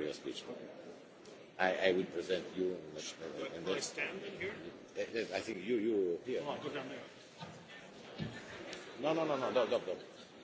for your speech. I, I will present you. And then, I standing here? I think you, you here. No, I go down there. No, no, no, no, no, no, no.